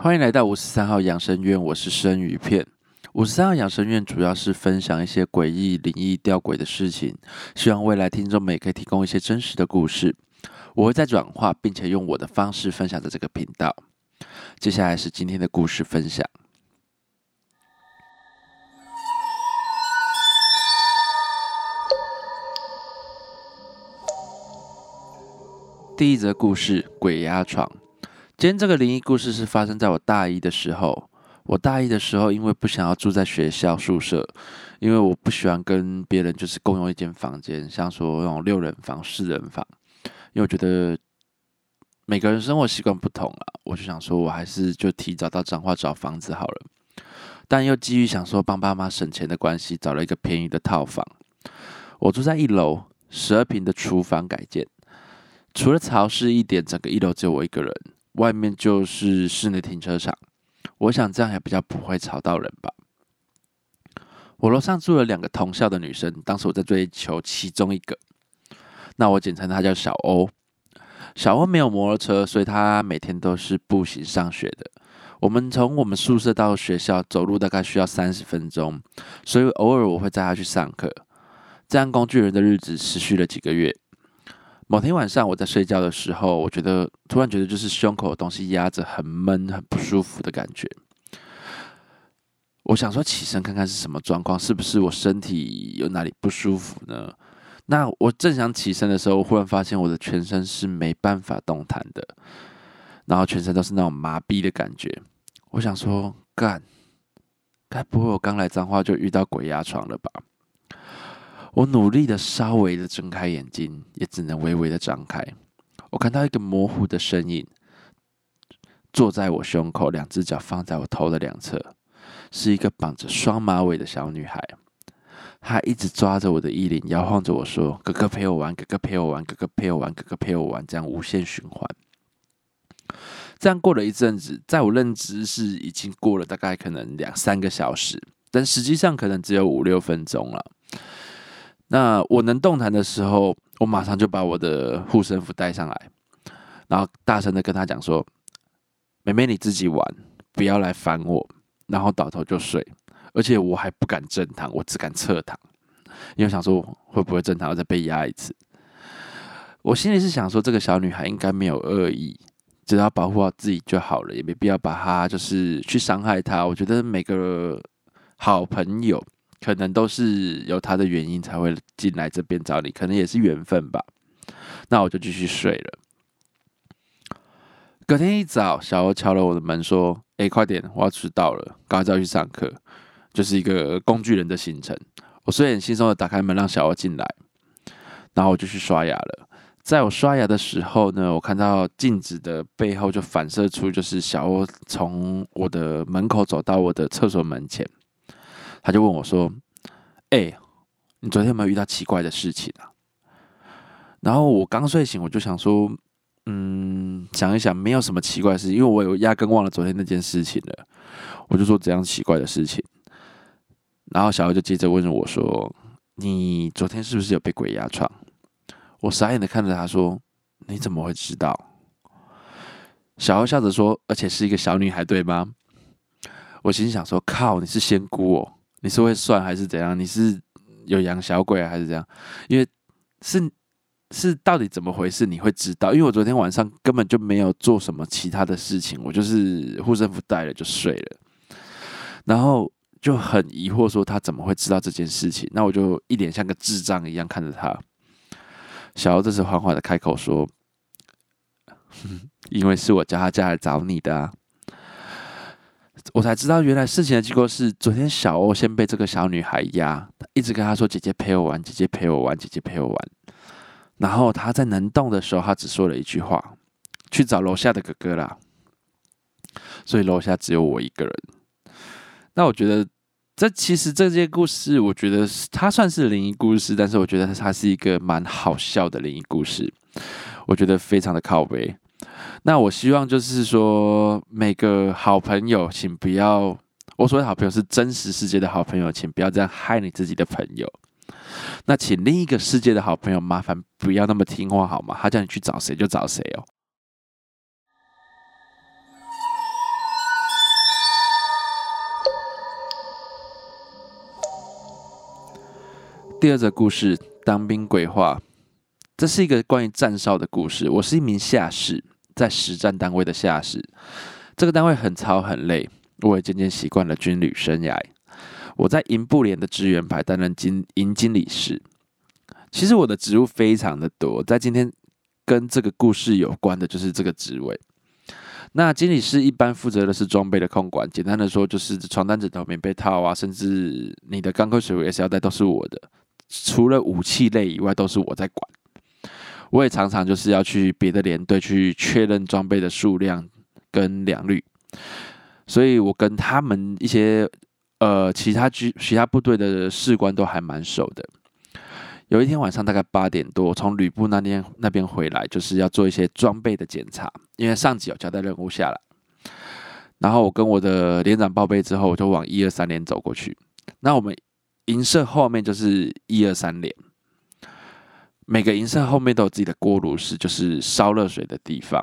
歡迎來到五十三號養生怨，我是生魚片。五十三號養生怨主要是分享一些詭異、靈異、弔詭的事情，希望未來聽眾們也可以提供一些真實的故事，我會再轉化，並且用我的方式分享在這個頻道。接下來是今天的故事分享。第一則故事《鬼壓床》。今天這個靈異故事是發生在我大一的時候。我大一的時候，因為不想要住在學校宿舍，因為我不喜歡跟別人就是共用一間房間，像說那種六人房、四人房，因為我覺得。每個人生活習慣不同啊，我就想說，我還是就提早到彰化找房子好了。但又基於想說幫爸媽省錢的關係，找了一個便宜的套房。我住在一樓，十二坪的廚房改建，除了潮濕一點，整個一樓只有我一個人。外面就是室內停車場，我想這樣也比較不會吵到人吧。我樓上住了兩個同校的女生，當時我在追求其中一個，那我簡稱她叫小歐。小溫沒有摩托車，所以他每天都是步行上學的。我們從我們宿舍到學校走路大概需要三十分鐘，所以偶爾我會載他去上課。這樣工具人的日子持續了幾個月。某天晚上我在睡覺的時候，我覺得突然覺得就是胸口的東西壓着，很悶、很不舒服的感覺。我想說起身看看是什麼狀況，是不是我身體有哪裡不舒服呢？那我正想起身的時候，忽然發現我的全身是沒辦法動彈的，然後全身都是那種麻痹的感覺。我想說，幹，該不會我剛來彰化就遇到鬼壓床了吧？我努力的稍微的睜開眼睛，也只能微微的張開。我看到一個模糊的身影坐在我胸口，兩隻腳放在我頭的兩側，是一個綁着雙馬尾的小女孩。他一直抓着我的衣領，搖晃着我說：“哥哥陪我玩，哥哥陪我玩，哥哥陪我玩，哥哥陪我玩，哥哥陪我玩。”這樣無限循環。這樣過了一陣子，在我認知是已經過了大概可能兩三個小時，但實際上可能只有五六分鐘了。那我能動彈的時候，我馬上就把我的護身符帶上來，然後大聲的跟他講說：“妹妹你自己玩，不要來煩我。”然後倒頭就睡。而且我還不敢正躺，我只敢側躺。因為想說會不會正躺我再被壓一次。我心裡是想說，這個小女孩應該沒有惡意，只要保護好自己就好了，也沒必要把她就是去傷害她。我覺得每個好朋友可能都是有他的原因才會進來這邊找你，可能也是緣分吧。那我就繼續睡了。隔天一早，小歐敲了我的門，說：“哎、欸，快點，我要遲到了，剛才要去上課。”就是一個工具人的行程。我睡眼惺忪地打開門讓小歐進來，然後我就去刷牙了。在我刷牙的時候呢，我看到鏡子的背後就反射出，就是小歐從我的門口走到我的廁所門前。他就問我說：“哎、欸，你昨天有沒有遇到奇怪的事情啊？”然後我剛睡醒，我就想說：“嗯，想一想，沒有什麼奇怪的事情，因為我有壓根忘了昨天那件事情了。”我就說：“怎樣奇怪的事情？”然後小歐就接着問我說：“你昨天是不是有被鬼壓床？”我傻眼的看着他說：“你怎麼會知道？”小歐笑着說：“而且是一個小女孩，對嗎？”我心想說：“靠，你是仙姑哦、喔？你是會算還是怎樣？你是有養小鬼、啊、還是這樣？因為是是到底怎麼回事？你會知道？因為我昨天晚上根本就沒有做什麼其他的事情，我就是護身符帶了就睡了，然後。”就很疑惑說他怎麼會知道這件事情？那我就一臉像個智障一樣看着他。小歐這時緩緩的開口說呵呵：“因為是我叫他家來找你的啊，我才知道原來事情的結果是，昨天小歐先被這個小女孩壓，一直跟她說姐姐陪我玩，姐姐陪我玩，姐姐陪我玩。然後他在能動的時候，他只說了一句話：去找樓下的哥哥啦。所以樓下只有我一個人。”那我覺得，這其實這些故事，我覺得它算是靈異故事，但是我覺得它是一個蠻好笑的靈異故事，我覺得非常的靠背。那我希望就是說，每個好朋友，請不要，我所謂好朋友是真實世界的好朋友，請不要這樣害你自己的朋友。那請另一個世界的好朋友，麻煩不要那麼聽話好嗎？他叫你去找誰就找誰哦。第二則故事，當兵鬼話，這是一個關於站哨的故事。我是一名下士，在實戰單位的下士，這個單位很吵很累，我也漸漸習慣了軍旅生涯。我在營部連的支援排擔任經營經理士，其實我的職務非常的多，在今天跟這個故事有關的就是這個職位。那經理士一般負責的是裝備的控管，簡單的說就是床單枕頭棉被套啊，甚至你的鋼盔水壺 S 腰帶都是我的。除了武器類以外，都是我在管。我也常常就是要去別的連隊去確認裝備的數量跟良率，所以我跟他們一些呃其他軍其他部隊的士官都還蠻熟的。有一天晚上大概八點多，從旅部那邊那邊回來，就是要做一些裝備的檢查，因為上級有交代任務下來。然後我跟我的連長報備之後，我就往一二三連走過去。那我們，銀色後面就是一二三連，每個銀色後面都有自己的鍋爐室，就是燒熱水的地方。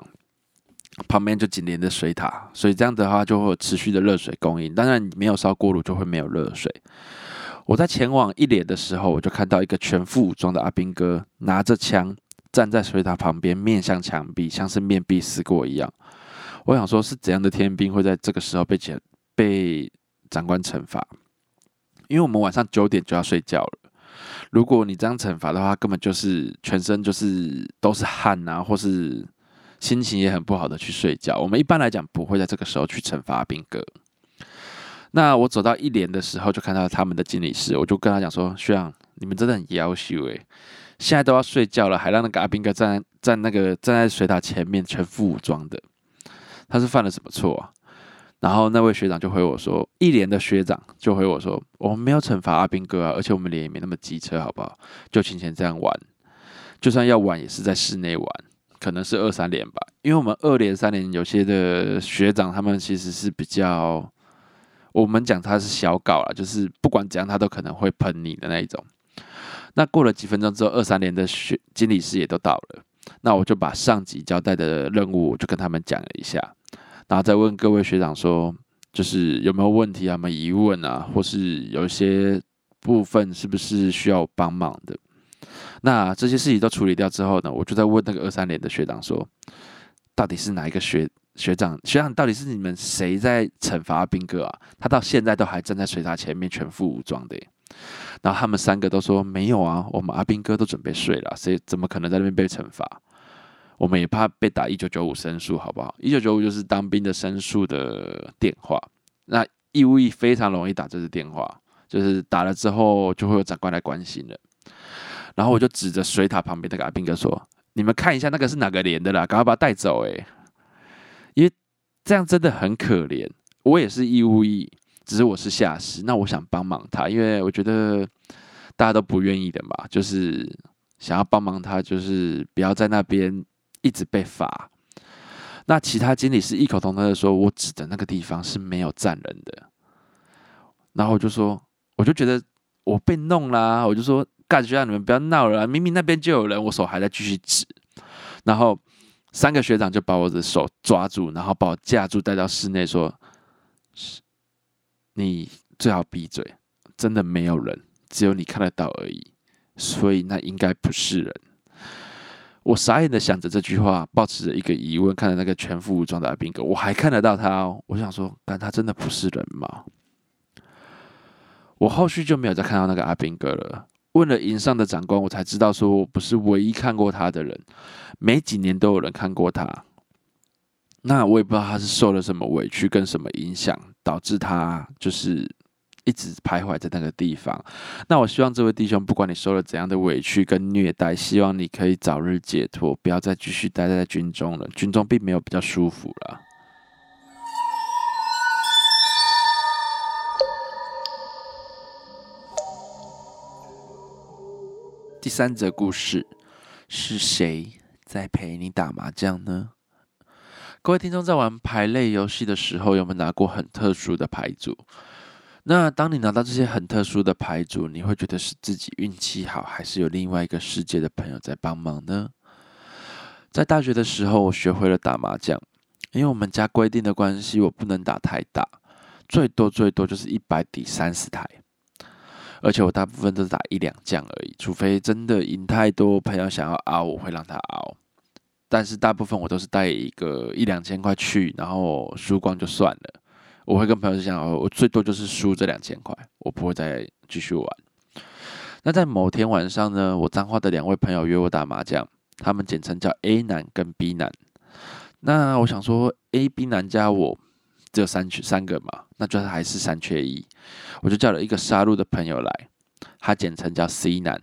旁邊就緊連着水塔，所以這樣的話就會有持續的熱水供應。當然，沒有燒鍋爐就會沒有熱水。我在前往一連的時候，我就看到一個全副武裝的阿兵哥拿着槍站在水塔旁邊，面向牆壁，像是面壁思過一樣。我想說，是怎樣的天兵會在這個時候被減被長官懲罰？因為我們晚上九點就要睡覺了，如果你這樣懲罰的話，根本就是全身就是都是汗啊，或是心情也很不好的去睡覺。我們一般來講不會在這個時候去懲罰阿兵哥。那我走到一連的時候，就看到他們的經理室，我就跟他講說：“學長，你們真的很夭壽哎，現在都要睡覺了，還讓那個阿兵哥站站那個站在水塔前面全副武裝的，他是犯了什麼錯啊？”然後那位學長就回我說：“一連的學長就回我說，我們沒有懲罰阿兵哥啊，而且我們連也沒那麼機車，好不好？就寢前這樣玩，就算要玩也是在室內玩，可能是二三連吧。因為我們二連三連有些的學長，他們其實是比較，我們講他是小搞了，就是不管怎樣他都可能會噴你的那一種。那過了幾分鐘之後，二三連的學經理士也都到了，那我就把上級交代的任務就跟他們講了一下。”然後再問各位學長說，就是有沒有問題啊，有沒有疑問啊，或是有一些部分是不是需要幫忙的？那這些事情都處理掉之後呢，我就在問那個二三連的學長說，到底是哪一個學學長？學長到底是你們誰在懲罰阿兵哥啊？他到現在都還站在水塔前面，全副武裝的。然後他們三個都說沒有啊，我們阿兵哥都準備睡了啊，誰怎麼可能在那邊被懲罰？我們也怕被打一九九五申訴，好不好？一九九五就是當兵的申訴的電話，那義務役非常容易打這個電話，就是打了之後就會有長官來關心了。然後我就指着水塔旁邊那個阿兵哥說：“你們看一下那個是哪個連的啦，趕快把他帶走。”哎，因為這樣真的很可憐。我也是義務役，只是我是下士，那我想幫忙他，因為我覺得大家都不願意的嘛，就是想要幫忙他，就是不要在那邊。一直被罰，那其他經理是異口同聲的說：“我指的那個地方是沒有站人的。”然後我就說：“我就覺得我被弄啦！”我就說：“蓋子學長，你們不要鬧了啊，明明那邊就有人，我手還在繼續指。”然後三個學長就把我的手抓住，然後把我架住帶到室內說：“是，你最好閉嘴，真的沒有人，只有你看得到而已，所以那應該不是人。”我傻眼的想着這句話，抱持著一個疑問，看着那個全副武裝的阿兵哥，我還看得到他哦。我想說，但他真的不是人嗎？我後續就沒有再看到那個阿兵哥了。問了營上的長官，我才知道說，我不是唯一看過他的人，每幾年都有人看過他。那我也不知道他是受了什麼委屈跟什麼影響，導致他就是。一直徘徊在那個地方。那我希望這位弟兄，不管你受了怎樣的委屈跟虐待，希望你可以早日解脫，不要再繼續待在軍中了。軍中並沒有比較舒服了。第三則故事，是誰在陪你打麻將呢？各位聽眾，在玩牌類遊戲的時候，有沒有拿過很特殊的牌組？那當你拿到這些很特殊的牌組，你會覺得是自己運氣好，還是有另外一個世界的朋友在幫忙呢？在大學的時候，我學會了打麻將，因為我們家規定的關係，我不能打太大，最多最多就是一百底三十台，而且我大部分都是打一兩將而已，除非真的贏太多，朋友想要拗，我會讓他拗，但是大部分我都是帶一個一兩千塊去，然後輸光就算了。我會跟朋友講，我最多就是輸這兩千塊，我不會再繼續玩。那在某天晚上呢，我彰化的兩位朋友約我打麻將，他們簡稱叫 A 男跟 B 男。那我想說，A、B 男加我只有三缺三個嘛，那就還是三缺一。我就叫了一個殺戮的朋友來，他簡稱叫 C 男。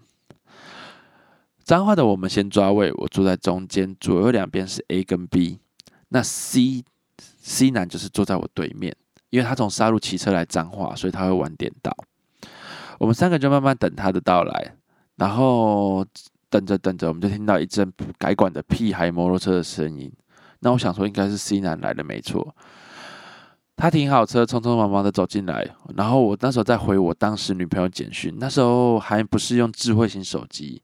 彰化的我們先抓位，我坐在中間，左右兩邊是 A 跟 B，那 C C 男就是坐在我對面。因為他從沙鹿騎車來彰化，所以他會晚點到。我們三個就慢慢等他的到來，然後等着等着，我們就聽到一陣改管的屁孩摩托車的聲音。那我想說應該，應該是 C 男來的沒錯。他停好車，匆匆忙忙的走進來。然後我那時候在回我當時女朋友簡訊，那時候還不是用智慧型手機，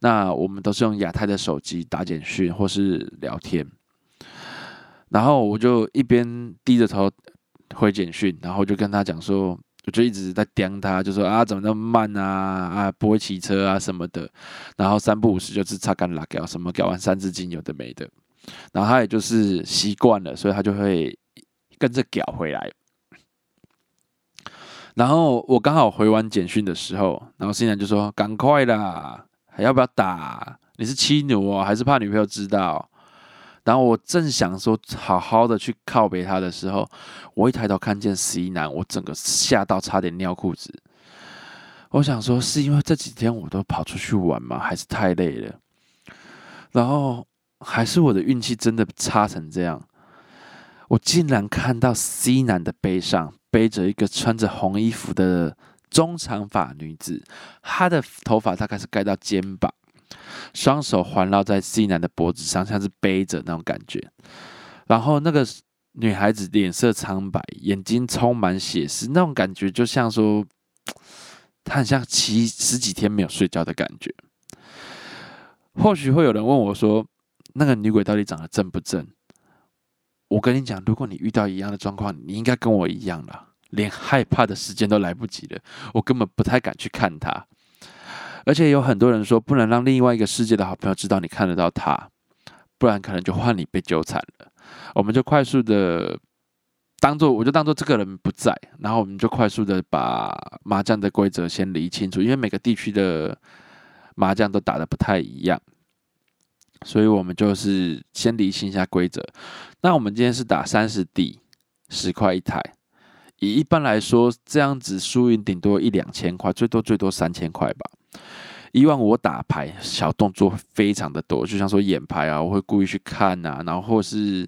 那我們都是用亞太的手機打簡訊或是聊天。然後我就一邊低着頭。回簡訊，然後就跟他講說，我就一直在刁他，就說啊，怎麼那麼慢啊，啊，不會騎車啊什麼的，然後三不五時就是擦干拉膠，什麼搞完三字經有的沒的，然後他也就是習慣了，所以他就會跟着搞回來。然後我剛好回完簡訊的時候，然後新人就說趕快啦，還要不要打？你是妻奴、哦、還是怕女朋友知道？然後我正想說好好的去靠北他的時候，我一抬頭看見 C 男，我整個嚇到差點尿褲子。我想說是因為這幾天我都跑出去玩嗎？還是太累了？然後還是我的運氣真的差成這樣？我竟然看到 C 男的背上背着一個穿着紅衣服的中長髮女子，她的頭髮大概是蓋到肩膀。雙手環繞在 C 男的脖子上，像是背着那種感覺。然後那個女孩子臉色蒼白，眼睛充滿血絲，那種感覺就像說，她很像七十幾天沒有睡覺的感覺。或許會有人問我說，那個女鬼到底長得正不正？我跟你講，如果你遇到一樣的狀況，你應該跟我一樣了。連害怕的時間都來不及了，我根本不太敢去看她。而且有很多人說不能讓另外一個世界的好朋友知道你看得到他，不然可能就換你被糾纏了。我們就快速的當做，我就當做這個人不在，然後我們就快速的把麻將的規則先理清楚，因為每個地區的麻將都打得不太一樣，所以我們就是先理清一下規則。那我們今天是打三十底，十塊一台，以一般來說這樣子輸贏頂多一兩千塊，最多最多三千塊吧。以往我打牌小動作非常的多，就像說演牌啊，我會故意去看吶、啊，然後或是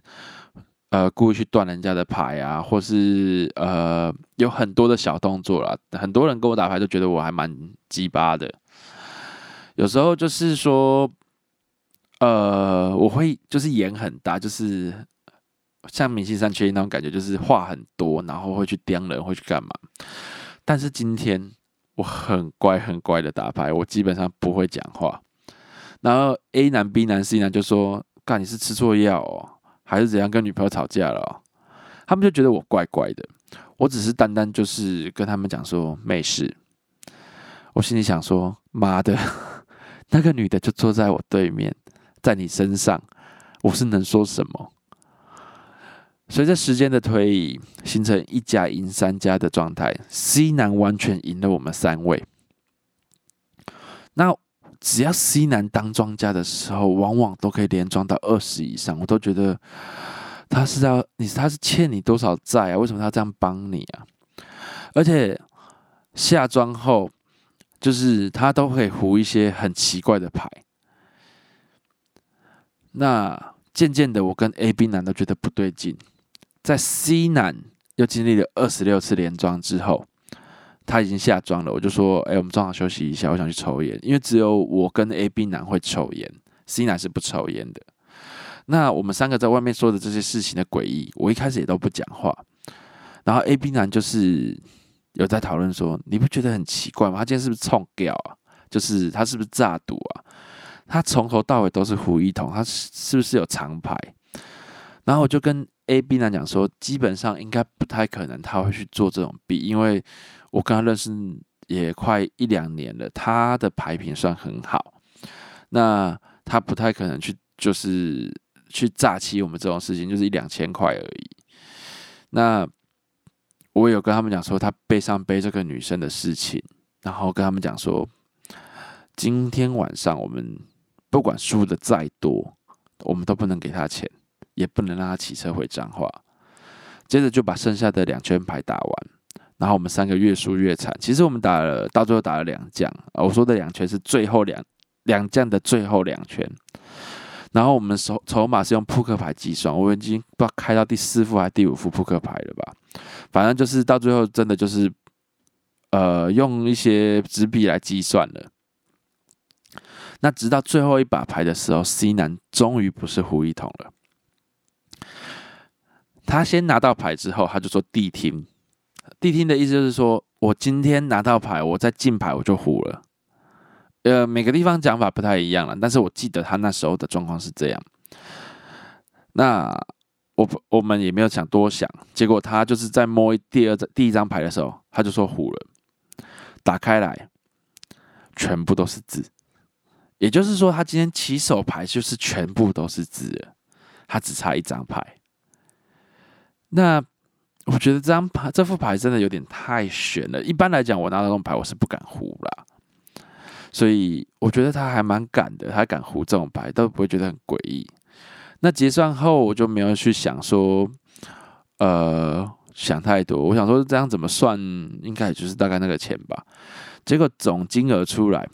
呃故意去斷人家的牌啊，或是呃有很多的小動作啦。很多人跟我打牌都覺得我還蠻雞巴的。有時候就是說，呃，我會就是演很大，就是像明星三缺一那種感覺，就是話很多，然後會去盯人，會去幹嘛？但是今天，我很乖很乖的打牌，我基本上不會講話。然後 A 男、B 男、C 男就說：“幹，你是吃錯藥哦，還是怎樣？跟女朋友吵架了哦？”他們就覺得我怪怪的。我只是單單就是跟他們講說沒事。我心裡想說：“媽的，那個女的就坐在我對面，在你身上，我是能說什麼？”隨着時間的推移，形成一家贏三家的狀態。C 男完全贏了我們三位。那只要 C 男當莊家的時候，往往都可以連莊到二十以上。我都覺得他是要你，他是欠你多少債啊？為什麼他這樣幫你啊？而且下莊後，就是他都會胡一些很奇怪的牌。那漸漸的，我跟 A、B 男都覺得不對勁。在 C 男又經歷了二十六次連莊之後，他已經下莊了。我就說：“哎、欸，我們中場休息一下，我想去抽菸，因為只有我跟 A、B 男會抽菸，C 男是不抽菸的。”那我們三個在外面說的這些事情的詭異，我一開始也都不講話。然後 A、B 男就是有在討論說：“你不覺得很奇怪嗎？他今天是不是沖掉啊？就是他是不是詐賭啊？他從頭到尾都是胡一筒，他是不是有長牌？”然後我就跟 A B 男講說，基本上應該不太可能他會去做這種 B，因為我跟他認識也快一兩年了，他的牌品算很好，那他不太可能去就是去詐欺我們這種事情，就是一兩千塊而已。那我有跟他們講說，他背上背這個女生的事情，然後跟他們講說，今天晚上我們不管輸的再多，我們都不能給他錢。也不能讓他騎車回彰化。接着就把剩下的兩圈牌打完，然後我們三個越輸越慘。其實我們打了到最後打了兩將啊，我說的兩圈是最後兩兩將的最後兩圈。然後我們手籌碼是用撲克牌計算，我已經不知道開到第四副還是第五副撲克牌了吧？反正就是到最後真的就是呃用一些紙筆來計算了。那直到最後一把牌的時候，C 男終於不是胡一筒了。他先拿到牌之後，他就說地聽，地聽的意思就是說，我今天拿到牌，我再進牌我就胡了。呃，每個地方講法不太一樣了，但是我記得他那時候的狀況是這樣。那我我們也沒有想多想，結果他就是在摸一第二張第一張牌的時候，他就說胡了。打開來，全部都是字，也就是說，他今天起手牌就是全部都是字了，他只差一張牌。那我覺得這張牌，這副牌真的有點太懸了。一般來講，我拿到這種牌，我是不敢胡啦。所以我覺得他還蠻敢的，他敢胡這種牌，都不會覺得很詭異。那結算後，我就沒有去想說，呃，想太多。我想說這樣怎麼算，應該也就是大概那個錢吧。結果總金額出來，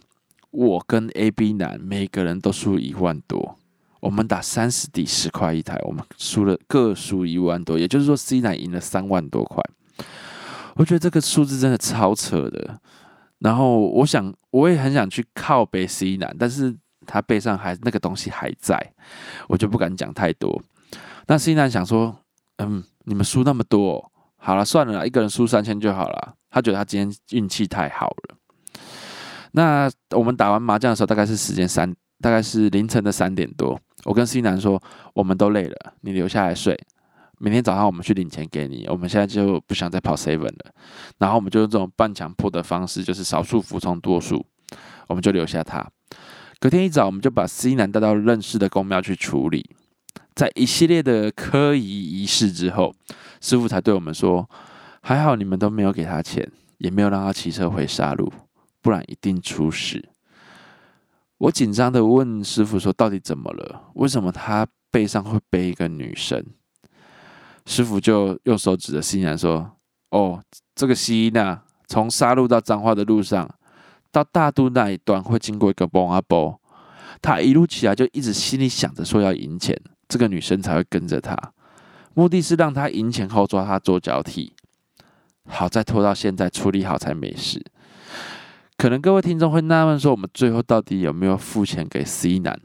我跟 A、B 男每個人都輸一萬多。我們打三十底十塊一台，我們輸了各輸一萬多，也就是說 C 男贏了三萬多塊。我覺得這個數字真的超扯的。然後我想，我也很想去靠北 C 男，但是他背上還那個東西還在，我就不敢講太多。那 C 男想說：“嗯，你們輸那麼多哦，好了算了啦，一個人輸三千就好了。”他覺得他今天運氣太好了。那我們打完麻將的時候，大概是時間三，大概是凌晨的三點多。我跟 C 男說，我們都累了，你留下來睡，明天早上我們去領錢給你。我們現在就不想再跑 seven 了，然後我們就用這種半強迫的方式，就是少數服從多數，我們就留下他。隔天一早，我們就把 C 男帶到認識的宮廟去處理。在一系列的科儀儀式之後，師傅才對我們說：“還好你們都沒有給他錢，也沒有讓他騎車回山路，不然一定出事。”我緊張地問師父說：“到底怎麼了？為什麼他背上會背一個女生？”師父就用手指着新娘說：“哦，這個西娜從沙鹿到彰化的路上，到大肚那一段會經過一個墓仔埔，她一路起來就一直心裡想着說要贏錢，這個女生才會跟着她，目的是讓她贏錢後抓她做交替，好在拖到現在處理好才沒事。”可能各位聽眾會納悶說：“我們最後到底有沒有付錢給 C 男？”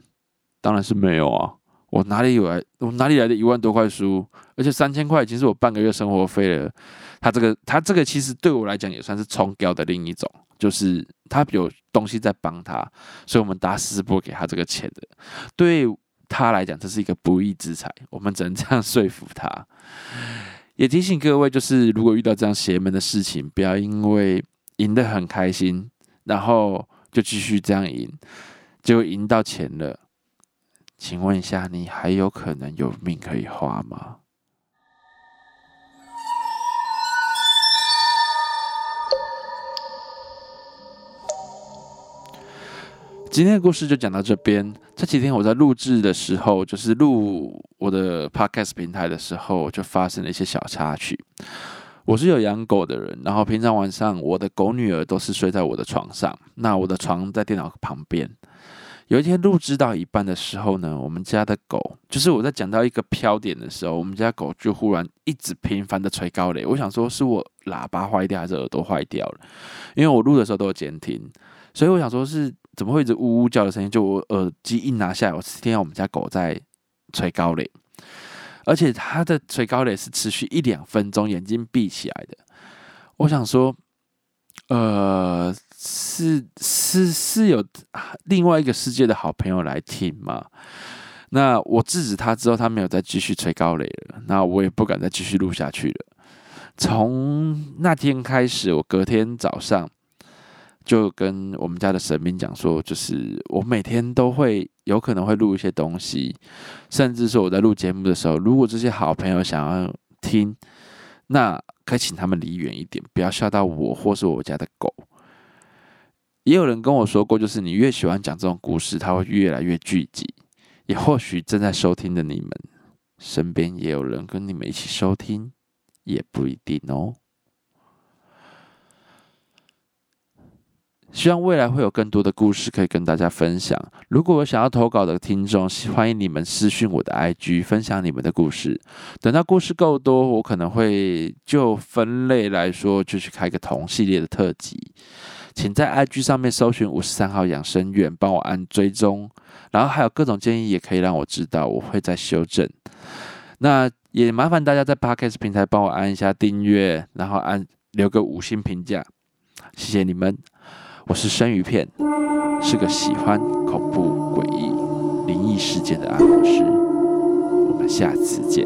當然是沒有啊！我哪裡有來？我哪裡來的一萬多塊書？而且三千塊已經是我半個月生活費了。他這個，他這個其實對我來講也算是冲高的另一種，就是他有東西在幫他，所以我們打死是不會給他這個錢的。對他來講，這是一個不義之財。我們只能這樣說服他。也提醒各位，就是如果遇到這樣邪門的事情，不要因為贏得很開心。然後就繼續這樣贏，就贏到錢了。請問一下，你還有可能有命可以花嗎？今天的故事就講到這邊。這幾天我在錄製的時候，就是錄我的 podcast 平台的時候，就發生了一些小插曲。我是有養狗的人，然後平常晚上我的狗女兒都是睡在我的床上。那我的床在電腦旁邊。有一天錄制到一半的時候呢，我們家的狗，就是我在講到一個飄點的時候，我們家狗就忽然一直頻繁的吹狗螺。我想說是我喇叭壞掉還是耳朵壞掉了？因為我錄的時候都有監聽，所以我想說，是怎麼會一直嗚嗚叫的聲音？就我耳機一拿下來，我聽到我們家狗在吹狗螺。而且他的吹狗螺是持續一兩分鐘，眼睛閉起來的。我想說，呃，是是是有另外一個世界的好朋友來聽嗎？那我制止他之後，他沒有再繼續吹狗螺了。那我也不敢再繼續錄下去了。從那天開始，我隔天早上。就跟我們家的神明講說，就是我每天都會有可能會錄一些東西，甚至是我在錄節目的時候，如果這些好朋友想要聽，那可以請他們離遠一點，不要嚇到我或是我家的狗。也有人跟我說過，就是你越喜歡講這種故事，他會越來越聚集。也或許正在收聽的你們，身邊也有人跟你們一起收聽，也不一定哦。希望未來會有更多的故事可以跟大家分享。如果有想要投稿的聽眾，歡迎你們私訊我的 IG，分享你們的故事。等到故事夠多，我可能會就分類來說，就去開個同系列的特輯。請在 IG 上面搜尋五十三號養生怨，幫我按追蹤。然後還有各種建議，也可以讓我知道，我會再修正。那也麻煩大家在 Podcast 平台幫我按一下訂閱，然後按留個五星評價，謝謝你們。我是生魚片，是個喜歡恐怖、詭異、靈異事件的按摩師。我們下次見。